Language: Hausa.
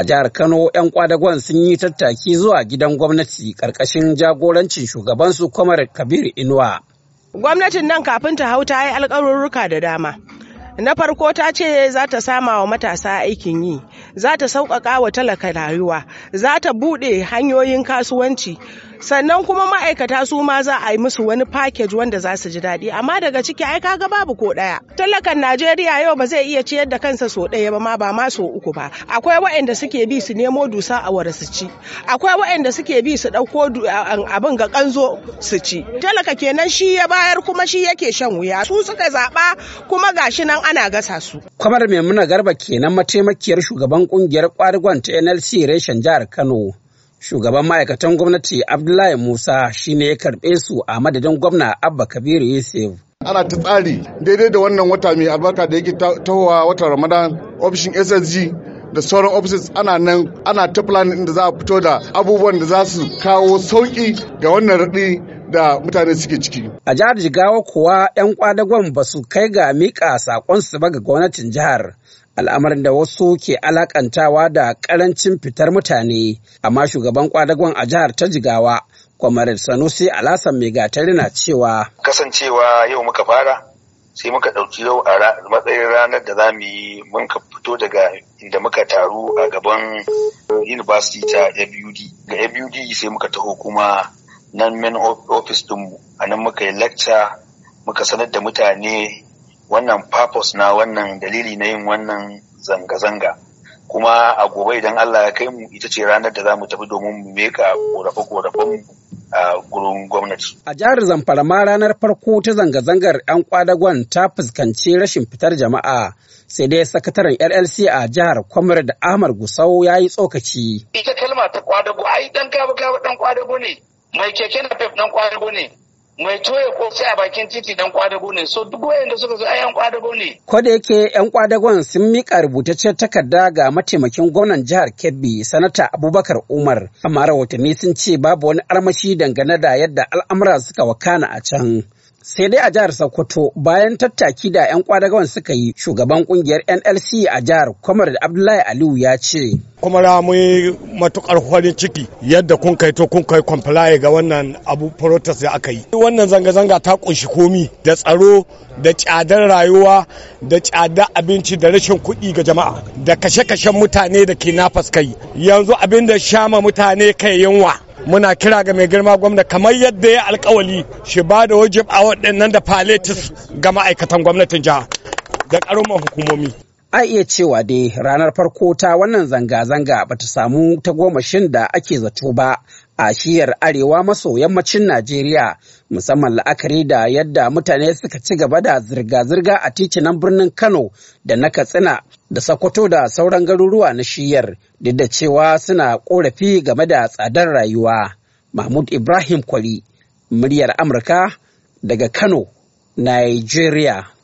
A jihar Kano 'yan kwadagon sun yi tattaki zuwa gidan gwamnati ƙarƙashin jagorancin shugabansu Kwamar Kabir Inuwa. Gwamnatin nan kafin ta hau ta yi alkarurruka da dama. Na farko ta ce za ta sama wa matasa aikin yi, za ta sauƙaƙa wa talaka rayuwa za ta buɗe hanyoyin kasuwanci sannan kuma ma'aikata su ma za a yi musu wani package wanda za su ji daɗi amma daga ciki ai kaga babu ko ɗaya talakan najeriya yau ba zai iya ciyar da kansa so ɗaya ba ma ba ma so uku ba akwai wa'anda suke bi su nemo dusa a wara su ci akwai wa'anda suke bi su ɗauko abin ga kanzo su ci talaka kenan shi ya bayar kuma shi yake shan wuya su suka zaɓa kuma gashi nan ana gasa su kwamar maimuna garba kenan mataimakiyar shugaban ƙungiyar ƙwarigon ta NLC reshen jihar Kano. Shugaban ma'aikatan gwamnati Abdullahi Musa shi ne ya karɓe su a madadin gwamna Abba Kabiru Yusuf. Ana ta tsari daidai da wannan wata mai albarka da yake tahowa watan Ramadan ofishin SSG da sauran offices ana nan ana ta planning da za a fito da abubuwan da za su kawo sauki ga wannan raɗi da mutane suke ciki. A jihar Jigawa kuwa 'yan kwadagon ba su kai ga mika su ba ga gwamnatin jihar al'amarin da wasu ke alakantawa da karancin fitar mutane amma shugaban kwadagon a jihar ta jigawa kwamarin sanusi alasan mai gatari na cewa kasancewa yau muka fara sai muka ɗauki yau a matsayin ranar da za mu yi mun fito daga inda muka taru a gaban university ta abud ga abud sai muka taho kuma nan main office dinmu a nan muka yi lecture muka sanar da mutane wannan purpose na wannan dalili na yin wannan zanga-zanga kuma a gobe idan Allah ya kai mu ita ce ranar da za mu tafi domin mu meka korafe-korafen a gurin gwamnati. A jihar Zamfara ma ranar farko ta zanga-zangar 'yan kwadagon ta fuskanci rashin fitar jama'a sai dai sakataren LLC a jihar Kwamar da Ahmad Gusau ya yi tsokaci. Ita kalma ta kwadago ai dan gaba gaba dan kwadago ne mai keke na pep dan kwadago ne mai toye sai a bakin titi dan kwadago ne so duk wayanda suka zo 'yan kwadago ne ko da yake yan kwadagon sun mika rubutaccen takarda ga mataimakin gwamnan jihar Kebbi sanata Abubakar Umar amma rahotanni sun ce babu wani armashi dangane da yadda al'amura suka wakana a can sai dai a jihar Sokoto bayan tattaki da 'yan kwadagawan suka yi shugaban kungiyar NLC a jihar Kwamar da Abdullahi Aliyu ya ce. Kuma mu yi matukar farin ciki yadda kun kai to kun kai kwamfalaye ga wannan abu protest da aka yi. Wannan zanga-zanga ta ƙunshi komi da tsaro da tsadar rayuwa da tsadar abinci da rashin kuɗi ga jama'a da kashe-kashen mutane da ke nafas kai. Yanzu abin da shama mutane kai yunwa. muna kira ga mai girma gwamna kamar yadda ya alkawali shi ba da wajib a waɗannan da paletis ga ma'aikatan gwamnatin jiha da ƙaruman hukumomi. A iya cewa dai ranar farko ta wannan zanga-zanga bata samu ta goma shin da ake zato ba. a shiyar arewa maso yammacin Najeriya musamman la'akari da yadda mutane suka ci gaba da zirga-zirga a titunan birnin Kano da na Katsina da Sokoto da sauran garuruwa na shiyar duk da cewa suna korafi game da tsadar rayuwa. Mahmud Ibrahim Kwari, muryar Amurka daga Kano, Nigeria.